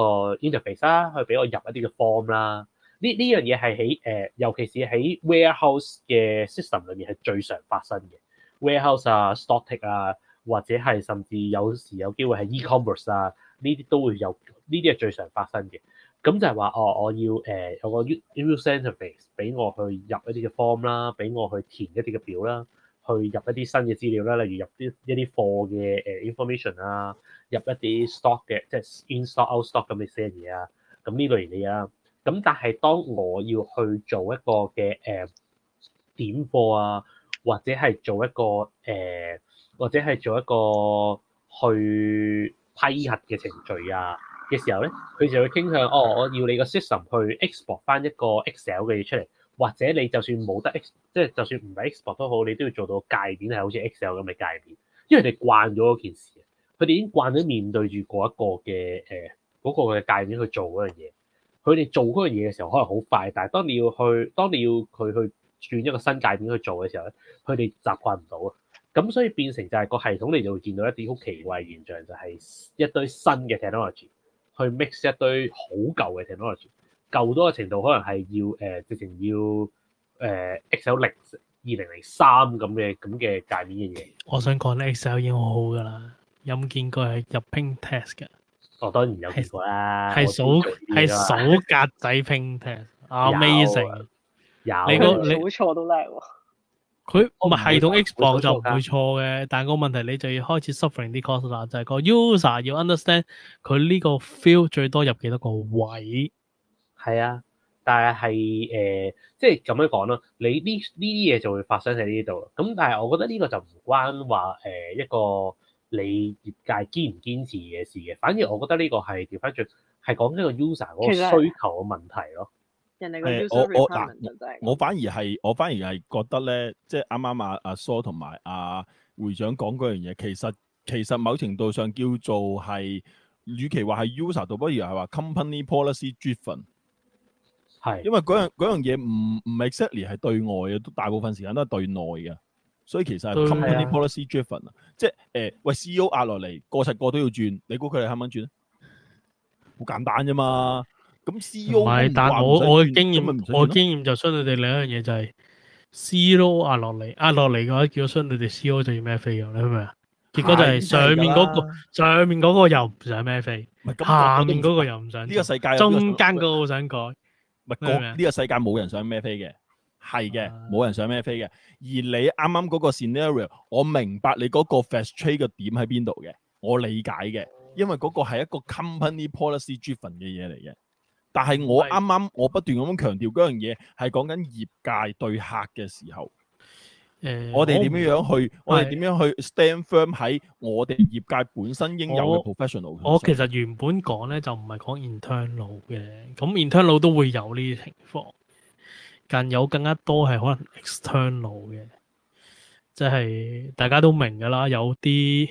個 interface 啦、啊，去俾我入一啲嘅 form 啦、啊。呢呢樣嘢係喺誒，尤其是喺 warehouse 嘅 system 裏面係最常發生嘅。warehouse 啊 stock 啊，或者係甚至有時有機會係 e-commerce 啊，呢啲都會有，呢啲係最常發生嘅。咁就係話，哦，我要誒、呃、有個 user interface 俾我去入一啲嘅 form 啦，俾我去填一啲嘅表啦，去入一啲新嘅資料啦，例如入啲一啲貨嘅誒 information 啊，入一啲 stock 嘅，即係 in stock out stock 咁嘅嘢啊，咁呢類嘢啊。咁但係當我要去做一個嘅誒、呃、點貨啊，或者係做一個誒、呃，或者係做一個去批核嘅程序啊，嘅時候咧，佢就會傾向，哦，我要你個 system 去 export 翻一個 Excel 嘅嘢出嚟，或者你就算冇得 ex，即係就算唔係 export 都好，你都要做到界面係好似 Excel 咁嘅界面，因為你哋慣咗嗰件事啊。佢哋已經慣咗面對住嗰一個嘅誒嗰個嘅界面去做嗰樣嘢。佢哋做嗰樣嘢嘅時候可能好快，但係當你要去，當你要佢去轉一個新界面去做嘅時候咧，佢哋習慣唔到啊。咁所以變成就係個系統，你就會見到一啲好奇怪嘅現象，就係一堆新嘅 technology。去 mix 一堆好舊嘅 technology，舊多嘅程度可能係要誒，直情要誒 Excel 零二零零三咁嘅咁嘅界面嘅嘢。我想講呢，Excel 已經好好㗎啦，有冇見過係入 ping test 㗎？我當然有見過啦，係數係數格仔 ping test，amazing！有你個你好錯都叻喎。佢它我咪系統 X 房就唔會錯嘅，但個問題你就要開始 suffering 啲 cost 啦，就係個 user 要 understand 佢呢個 feel 最多入幾多個位，係啊、呃，但係係誒，即係咁樣講咯，你呢呢啲嘢就會發生喺呢度咁，但係我覺得呢個就唔關話誒、呃、一個你業界堅唔堅持嘅事嘅，反而我覺得呢個係調翻轉係講呢個 user 嗰個需求嘅問題咯。我我嗱、啊，我反而係，我反而係覺得咧，即係啱啱啊，阿、啊、蘇同埋阿會長講嗰樣嘢，其實其實某程度上叫做係，與其話係 user 度，不如係話 company policy driven 是。係。因為嗰樣嘢唔唔 exactly 係對外嘅，都大部分時間都係對內嘅，所以其實係 company、啊、policy driven 啊。即係誒，喂，CEO 壓落嚟，個實個都要轉，你估佢哋肯唔肯轉咧？好簡單啫嘛～咁 CEO 唔係，但係我我嘅經驗，我經驗就信你哋兩樣嘢就係 CEO 壓落嚟，壓落嚟嘅話，叫我信你哋 CEO 就要咩飛啊？你明唔明啊？結果就係上面嗰個，上面嗰個又唔想咩飛，下面嗰個又唔想，呢個世界中間嗰個想改，唔係呢個世界冇人想咩飛嘅，係嘅，冇人想咩飛嘅。而你啱啱嗰個 scenario，我明白你嗰個 fast trade 嘅點喺邊度嘅，我理解嘅，因為嗰個係一個 company policy driven 嘅嘢嚟嘅。但係我啱啱我不斷咁強調嗰樣嘢，係講緊業界對客嘅時候，誒、呃，我哋點樣樣去，我哋點樣去 stand firm 喺我哋業界本身應有嘅 professional 我。上我其實原本講咧就唔係講 internal 嘅，咁 internal 都會有呢啲情況，但有更加多係可能 external 嘅，即係大家都明㗎啦，有啲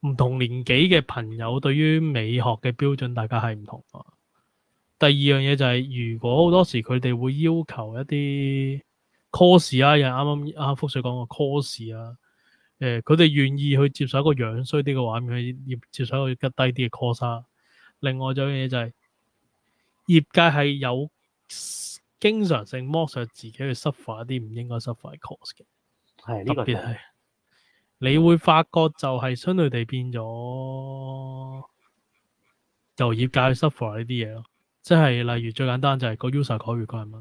唔同年紀嘅朋友對於美學嘅標準，大家係唔同。第二樣嘢就係、是，如果好多時佢哋會要求一啲 course 啊，又啱啱阿福水講個 course 啊，誒、欸，佢哋願意去接受一個樣衰啲嘅畫面，去接受一個低啲嘅 course。另外仲有嘢就係、是，業界係有經常性剝削自己去 suffer 一啲唔應該 suffer 嘅 course 嘅，的特別係的你會發覺就係相對地變咗就業界去 suffer 呢啲嘢咯。即係例如最簡單就係、是、個 user 改完個係咪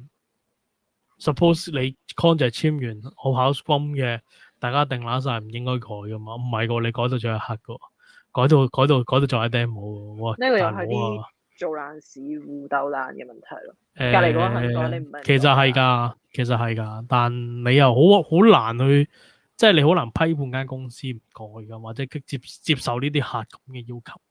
？Suppose 你 contract 簽完，好考 Scrum 嘅，大家定揦晒，唔應該改噶嘛？唔係喎，你改到仲係客噶喎，改到改到改到仲係頂冇喎。哇！呢這個又係啲做爛屎、烏鬥爛嘅問題咯。隔離嗰個唔該，你唔係。其實係㗎，其實係㗎，但你又好好難去，即、就、係、是、你好難批判間公司唔改㗎，或者接接受呢啲客咁嘅要求。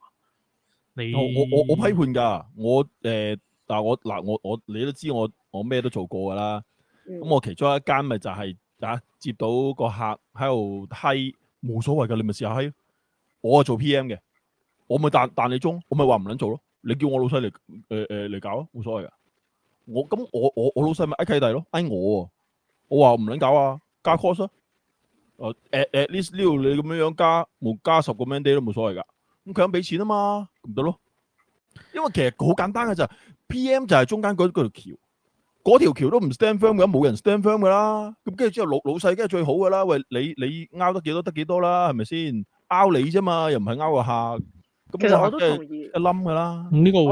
你我我我批判噶，我誒、呃，但我嗱我我你都知我我咩都做過噶啦，咁、嗯、我其中一間咪就係、是、啊，接到個客喺度嗨，冇所謂噶，你咪試下嗨，我係做 P.M. 嘅，我咪彈彈你中，我咪話唔捻做咯，你叫我老細嚟誒誒嚟搞，冇所謂噶，我咁我我我老細咪嗌契弟咯嗌我，我話唔捻搞啊，加 cost 啊，誒誒誒，呢呢度你咁樣樣加，冇加十個 manday 都冇所謂噶。咁佢肯俾錢啊嘛，唔得咯，因為其實好簡單嘅就係 P.M. 就係中間嗰嗰條橋，嗰條橋都唔 stand firm 嘅話，冇人 stand firm 噶啦。咁跟住之後老老細梗係最好噶啦，喂你你 out 得幾多得幾多啦，係咪先 out 你啫嘛，又唔係 out 個客。其實我都同意一冧噶啦，咁呢個會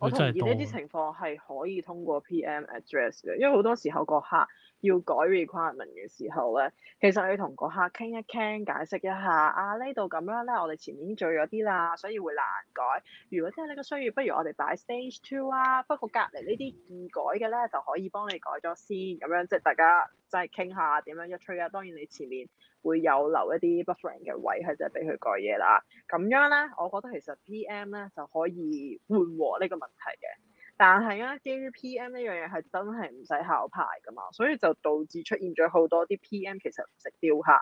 我都同意呢啲情況係可以通過 P.M. address 嘅，因為好多時候個客要改 requirement 嘅時候咧，其實你同個客傾一傾，解釋一下啊呢度咁樣咧，我哋前面已經做咗啲啦，所以會難改。如果真係你個需要，不如我哋擺 stage two 啊。不過隔離呢啲易改嘅咧，就可以幫你改咗先。咁樣即係大家真係傾下點樣一吹啊。當然你前面會有留一啲 buffering 嘅位，係就係俾佢改嘢啦。咁樣咧，我覺得其實 PM 咧就可以緩和呢個問題嘅。但係啊，基於 P.M. 呢樣嘢係真係唔使考牌噶嘛，所以就導致出現咗好多啲 P.M. 其實唔識雕客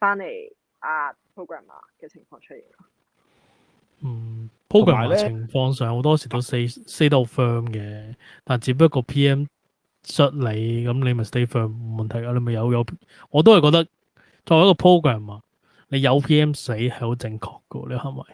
翻嚟壓 programmer 嘅情況出現。嗯，programmer 情況上好多時都 stay, stay (noise) stay 到 firm 嘅，但只不過 P.M. 摔你咁，你咪 stay firm 冇問題啊？你咪有有，我都係覺得作為一個 programmer 你有 P.M. 死係好正確噶，你係咪？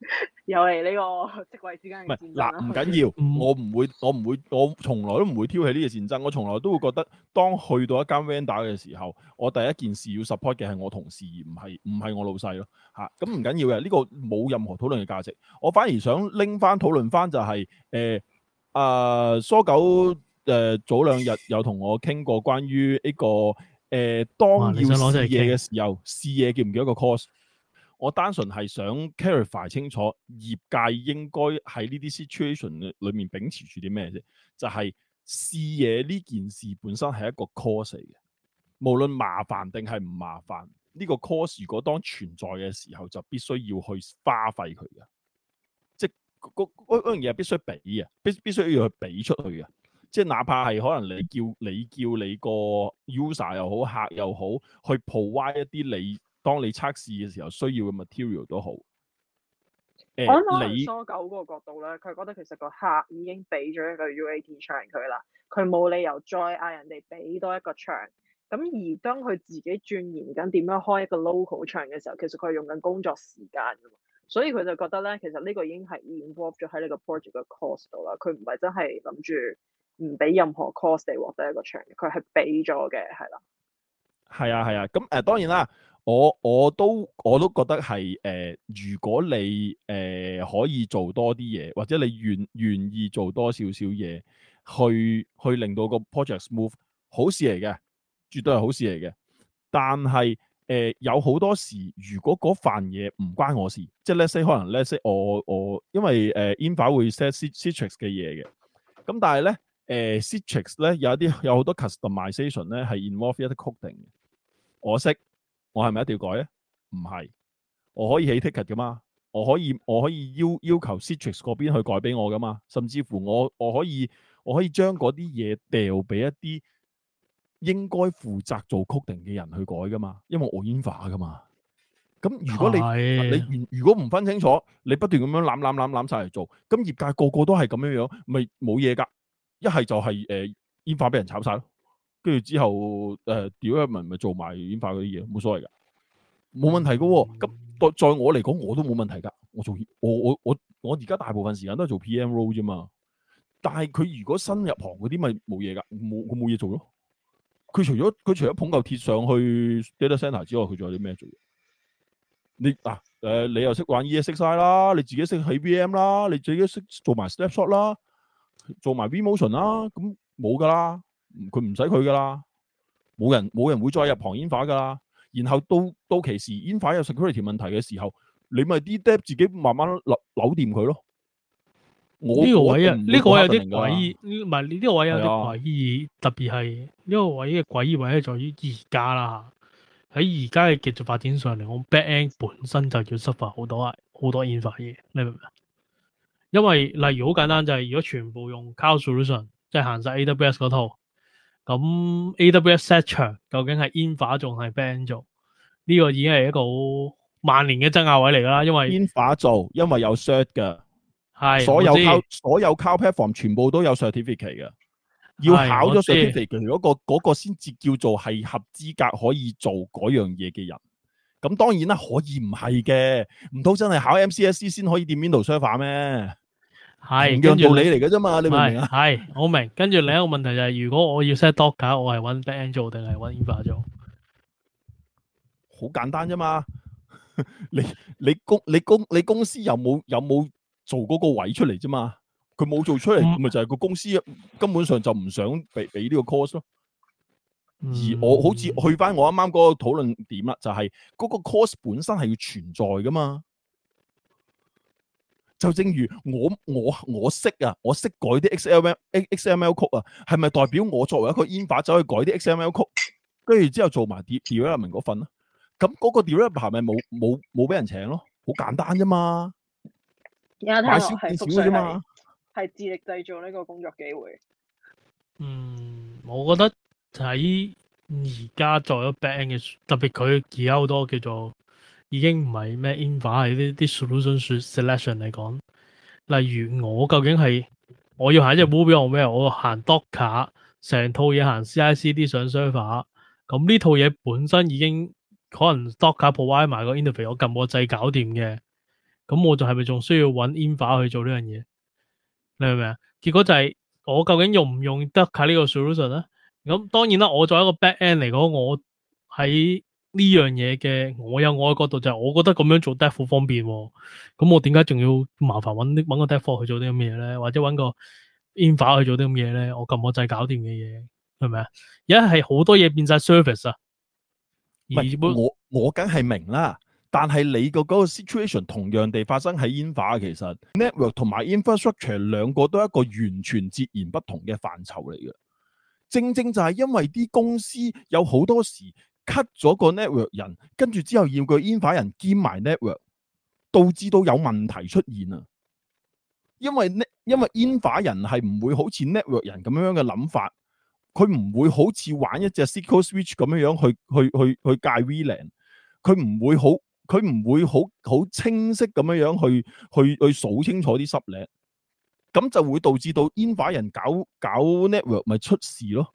(laughs) 又嚟呢個職位之間嗱，唔緊要，我唔會，我唔會，我從來都唔會挑起呢啲戰爭。我從來都會覺得，當去到一間 van 打嘅時候，我第一件事要 support 嘅係我同事，而唔、啊嗯、係唔係我老細咯。嚇！咁唔緊要嘅，呢個冇任何討論嘅價值。我反而想拎翻討論翻就係誒啊，疏狗誒早兩日有同我傾過關於呢個誒、呃，當要試嘢嘅時候，試嘢叫唔叫一個 course？我單純係想 clarify 清楚，業界應該喺呢啲 situation 裏面秉持住啲咩啫？就係試嘢呢件事本身係一個 course 嚟嘅，無論麻煩定係唔麻煩，呢個 course 如果當存在嘅時候，就必須要去花費佢嘅，即係嗰嗰嗰樣嘢必須俾啊，必必須要去俾出去嘅。即係哪怕係可能你叫你叫你個 user 又好，客又好，去 provide 一啲你。當你測試嘅時候需要嘅 material 都好，誒、呃，你疏狗嗰個角度咧，佢、呃、你覺得其實個客已經俾咗一個 UAT 場佢啦，佢冇理由再嗌人哋俾多一個場，咁而當佢自己鑽研緊點樣開一個 local 場嘅時候，其實佢用緊工作時間，所以佢就覺得咧，其實呢個已經係 involve 咗喺呢個 project 嘅 cost 度啦。佢唔係真係諗住唔俾任何 cost，day 獲得一個場，佢係俾咗嘅，係啦。係啊係啊，咁誒、呃，當然啦。我我都我都覺得係誒、呃，如果你誒、呃、可以做多啲嘢，或者你願願意做多少少嘢去去令到個 project move，好事嚟嘅，絕對係好事嚟嘅。但係誒、呃、有好多時，如果嗰份嘢唔關我事，即係咧可能咧我我，我因為誒、呃、infa 會 set Citrix 嘅嘢嘅，咁但係咧誒、呃、Citrix 咧有一啲有好多 customization 咧係 involved 嘅 coding 嘅，我識。我係咪一定要改啊？唔係，我可以起 ticket 噶嘛，我可以我可以要要求 Citrix 嗰邊去改俾我噶嘛，甚至乎我我可以我可以將嗰啲嘢掉俾一啲應該負責做 coding 嘅人去改噶嘛，因為我煙化噶嘛。咁如果你的你如如果唔分清楚，你不斷咁樣攬攬攬攬晒嚟做，咁業界個個都係咁樣樣，咪冇嘢噶，一係就係誒煙化俾人炒晒咯。跟住之後，誒、呃，屌一文咪做埋演化嗰啲嘢，冇所謂噶，冇問題噶、哦。咁在在我嚟講，我都冇問題噶。我做，我我我我而家大部分時間都係做 P.M. role 啫嘛。但係佢如果新入行嗰啲咪冇嘢噶，冇佢冇嘢做咯。佢除咗佢除咗捧嚿鐵上去 data center 之外，佢仲有啲咩做？你嗱，誒、啊呃，你又識玩 ESXi 識晒啦，你自己識起 V.M. 啦，你自己識做埋 snapshot 啦，做埋 vMotion 啦，咁冇噶啦。佢唔使佢噶啦，冇人冇人會再入行煙化噶啦。然後到到其時煙化有 security 問題嘅時候，你咪啲 debt 自己慢慢扭扭掂佢咯。呢個位啊，呢就個位有啲詭異，唔係呢個位有啲詭異，特別係呢個位嘅詭異位喺在於而家啦。喺而家嘅技術發展上嚟，我 back end 本身就要 suffer 好多啊，好多煙化嘢，你明唔明？因為例如好簡單、就是，就係如果全部用 cloud solution 即係行曬 AWS 嗰套。咁 AWS set 場究竟係煙化做，仲係 band 做？呢個已經係一個好萬年嘅爭拗位嚟啦，因為煙化做，因為有 cert 嘅，係所有考所有考 platform 全部都有 certification 嘅，要考咗 certification、嗰個、嗰個先至叫做係合資格可以做嗰樣嘢嘅人。咁當然啦，可以唔係嘅，唔通真係考 MCSE 先可以掂 Windows server 咩？係，跟住道理嚟嘅啫嘛，你明唔明啊？係，我明。跟住另一個問題就係，如果我要 set doctor，我係揾 angel 定係揾 uber 做？好簡單啫嘛，你你公你公你公司有冇有冇做嗰個位出嚟啫嘛？佢冇做出嚟，咪就係個公司根本上就唔想俾俾呢個 course 咯。而我好似去返我啱啱嗰個討論點啦，就係嗰個 course 本身係要存在㗎嘛。就正如我我我識啊，我識改啲 XML X X M L 曲啊，係咪代表我作為一個煙把走去改啲 X M L 曲，跟住之後做埋 d developer 嗰份啊。咁嗰個 developer 咪冇冇冇俾人請咯？好簡單啫嘛，買少點少啫嘛，係自力製造呢個工作機會。嗯，我覺得喺而家做咗 band 嘅，特別佢而家好多叫做。已經唔係咩 infra，係啲啲 solution 選 selection 嚟講。例如我究竟係我要行一隻 movie or 咩？我行 docker，成套嘢行 CICD 上 server。咁呢套嘢本身已經可能 docker provide 埋個 interface 我撳個掣搞掂嘅。咁我就係咪仲需要揾 infra 去做呢樣嘢？你明唔明啊？結果就係、是、我究竟用唔用得靠、er、呢個 solution 咧？咁當然啦，我作為一個 back end 嚟講，我喺。呢樣嘢嘅，我有我嘅角度，就係、是、我覺得咁樣做 DevOps 方便，啊，咁我點解仲要麻煩揾揾個 DevOps 去做啲咁嘅嘢咧？或者揾個 infra 去做啲咁嘅嘢咧？我撳個掣搞掂嘅嘢係咪啊？而家係好多嘢變晒 service 啊。唔我我梗係明啦，但係你個嗰個 situation 同樣地發生喺 infra 其實、嗯、network 同埋 infrastructure 兩個都係一個完全截然不同嘅範疇嚟嘅，正正就係因為啲公司有好多時。cut 咗個 network 人，跟住之後要個 infra 人兼埋 network，導致到有問題出現啊！因為 net 因為 infra 人係唔會好似 network 人咁樣樣嘅諗法，佢唔會好似玩一隻 SQL Switch 咁樣樣去去去去，去界 VLAN，佢唔會好佢唔會好好清晰咁樣樣去去去數清楚啲濕嶺，咁就會導致到 infra 人搞搞 network 咪出事咯。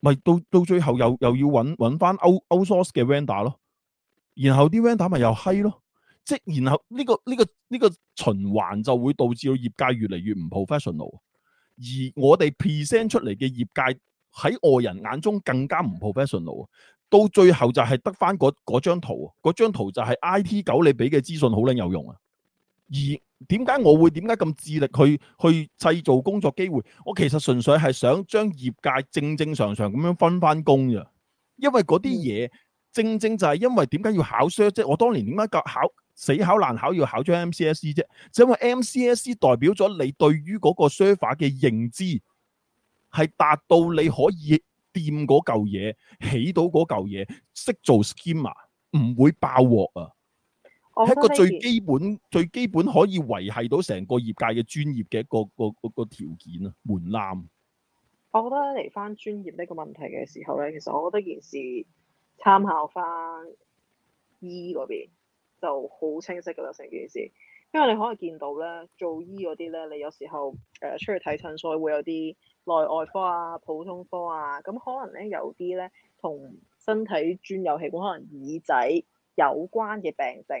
咪到到最後又又要揾揾翻 o o source 嘅 render 咯，然後啲 render 咪又嗨咯，即然後呢個呢個呢個循環就會導致到業界越嚟越唔 professional，而我哋 present 出嚟嘅業界喺外人眼中更加唔 professional，到最後就係得翻嗰嗰張圖，嗰張圖就係 I T 九你俾嘅資訊好撚有用啊，而。點解我會點解咁致力去去製造工作機會？我其實純粹係想將業界正正常常咁樣分翻工咋，因為嗰啲嘢，正正就係因為點解要考 s u 啫？ (music) 我當年點解個考死考難考要考張 MCSC 啫？就因為 MCSC 代表咗你對於嗰個 sure 法嘅認知係達到你可以掂嗰嚿嘢，起到嗰嚿嘢，識做 s c h e m a 唔會爆鑊啊！一個最基本、最基本可以維繫到成個業界嘅專業嘅一個、一個、個、條件啊，門檻。我覺得嚟返專業呢個問題嘅時候咧，其實我覺得件事參考返醫嗰邊就好清晰噶啦，成件事，因為你可以見到咧，做醫嗰啲咧，你有時候誒、呃、出去睇診，所以會有啲內外科啊、普通科啊，咁可能咧有啲咧同身體專有器官，可能耳仔有關嘅病症。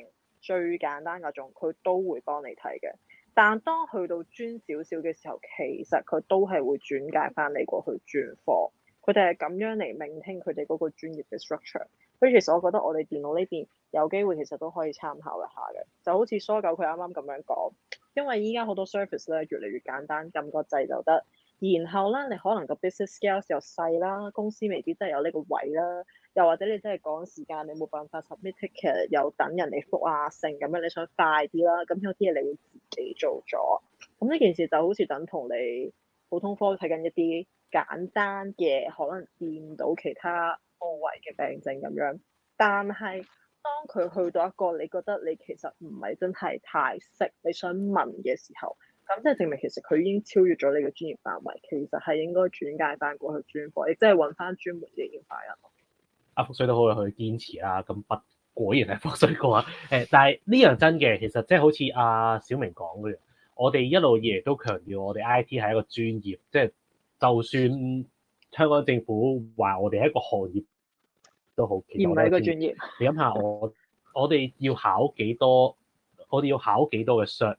最簡單嗰種，佢都會幫你睇嘅。但當去到專少少嘅時候，其實佢都係會轉介返你過去專科。佢哋係咁樣嚟 maintain 佢哋嗰個專業嘅 structure。所以其實我覺得我哋電腦呢邊有機會其實都可以參考一下嘅。就好似蘇狗佢啱啱咁樣講，因為依家好多 service 咧越嚟越簡單，撳個掣就得。然後咧，你可能個 business scales 又細啦，公司未必真係有呢個位啦。又或者你真係趕時間，你冇辦法 submit t 又等人嚟復啊，性，咁樣你想快啲啦，咁有啲嘢你會自己做咗。咁呢件事就好似等同你普通科睇緊一啲簡單嘅，可能見到其他部位嘅病症咁樣。但係當佢去到一個你覺得你其實唔係真係太識，你想問嘅時候，咁即係證明其實佢已經超越咗你嘅專業範圍，其實係應該轉介翻過去專科，亦即係揾翻專門嘅醫生。阿、啊、福水都好去堅持啊！咁不果然係福水哥啊！誒，但係呢樣真嘅，其實即係好似阿小明講嘅，我哋一路以嚟都強調，我哋 I T 係一個專業，即、就、係、是、就算香港政府話我哋係一個行業都好，其唔係一個專業。專業你諗下我，我我哋要考幾多？我哋要考幾多嘅術？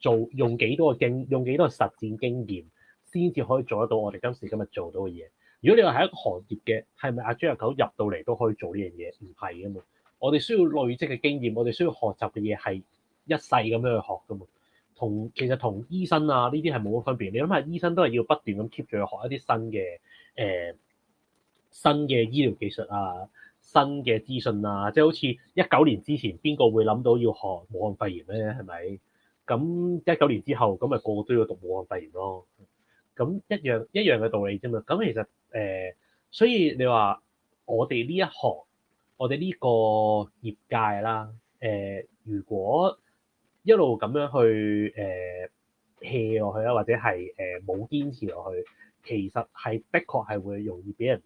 做用幾多嘅經？用幾多，用多實戰經驗先至可以做得到？我哋今時今日做到嘅嘢？如果你話係一個行業嘅，係咪阿豬阿狗入到嚟都可以做呢樣嘢？唔係嘅嘛，我哋需要累積嘅經驗，我哋需要學習嘅嘢係一世咁樣去學嘅嘛。同其實同醫生啊呢啲係冇乜分別。你諗下，醫生都係要不斷咁 keep 住去學一啲新嘅誒、欸、新嘅醫療技術啊、新嘅資訊啊，即、就、係、是、好似一九年之前邊個會諗到要學武漢肺炎咧？係咪？咁一九年之後，咁咪個，個個都要讀武漢肺炎咯。咁一樣一樣嘅道理啫嘛。咁其實誒、呃，所以你話我哋呢一行，我哋呢個業界啦，誒、呃，如果一路咁樣去誒 hea 落去啦，或者係誒冇堅持落去，其實係的確係會容易俾人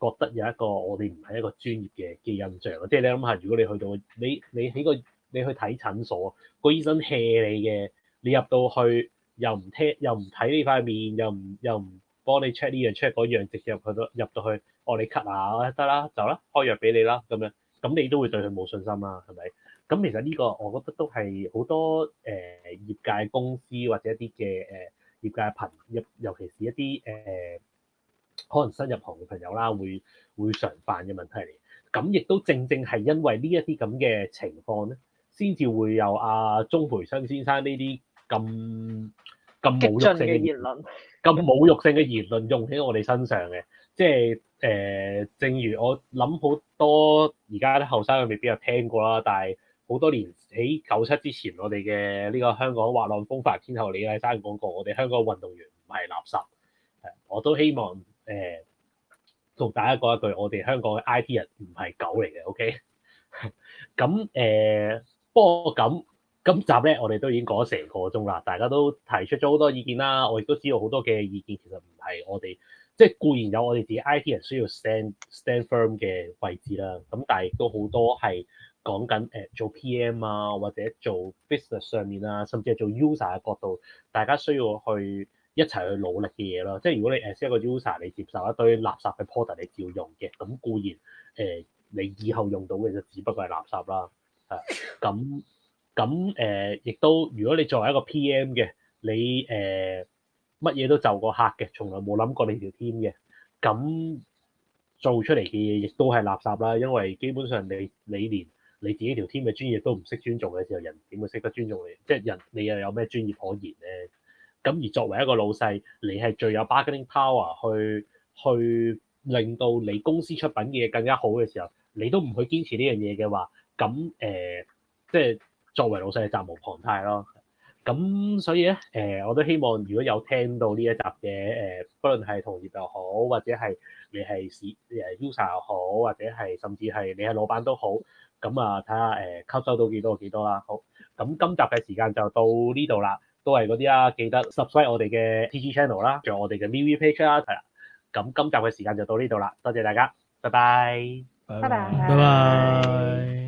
覺得有一個我哋唔係一個專業嘅嘅印象。即係你諗下，如果你去到你你喺個你去睇診所，個醫生 hea 你嘅，你入到去，又唔聽又唔睇呢塊面，又唔又唔幫你 check 呢樣 check 嗰樣，直接入去到入到去，我你 cut 下得啦，走啦，開藥俾你啦，咁樣咁你都會對佢冇信心啦，係咪？咁其實呢個我覺得都係好多誒、呃、業界公司或者一啲嘅誒業界朋友，尤其是一啲誒、呃、可能新入行嘅朋友啦，會會常犯嘅問題嚟。咁亦都正正係因為呢一啲咁嘅情況咧，先至會有阿、啊、鍾培生先生呢啲。咁咁侮辱性言、咁侮辱性嘅言論用喺我哋身上嘅，即係誒，正如我諗好多而家啲後生未必有聽過啦，但係好多年喺九七之前，我哋嘅呢個香港滑浪風帆天后李麗珊講過，我哋香港運動員唔係垃圾。我都希望誒同、呃、大家講一句，我哋香港嘅 I T 人唔係狗嚟嘅。OK，咁 (laughs) 誒、呃，不過咁。今集咧，我哋都已經講咗成個鐘啦，大家都提出咗好多意見啦。我亦都知道好多嘅意見，其實唔係我哋即係固然有我哋自己 IT 人需要 stand stand firm 嘅位置啦。咁但係亦都好多係講緊誒做 PM 啊，或者做 business 上面啊，甚至係做 user 嘅角度，大家需要去一齊去努力嘅嘢咯。即係如果你誒一個 user 你接受一堆垃圾嘅 product 你照用嘅，咁固然誒、呃、你以後用到嘅就只不過係垃圾啦。咁。咁誒，亦、呃、都如果你作為一個 PM 嘅，你誒乜嘢都就個客嘅，從來冇諗過你條 team 嘅，咁做出嚟嘅嘢亦都係垃圾啦。因為基本上你你連你自己條 team 嘅專業都唔識尊重嘅時候，人點會識得尊重你？即係人你又有咩專業可言咧？咁而作為一個老細，你係最有 bargaining power 去去令到你公司出品嘅嘢更加好嘅時候，你都唔去堅持呢樣嘢嘅話，咁誒、呃、即係。作為老細係責無旁貸咯，咁所以咧誒、呃，我都希望如果有聽到呢一集嘅誒，無、呃、論係同業又好，或者係你係市誒 user 又好，或者係甚至係你係老闆都好，咁啊睇下誒吸收到幾多幾多啦。好，咁今集嘅時間就到呢度啦，都係嗰啲啊，記得 subscribe 我哋嘅 TG channel 啦，仲有我哋嘅 MeWe page 啦，係啦。咁今集嘅時間就到呢度啦，多謝大家，拜拜，拜拜，拜拜。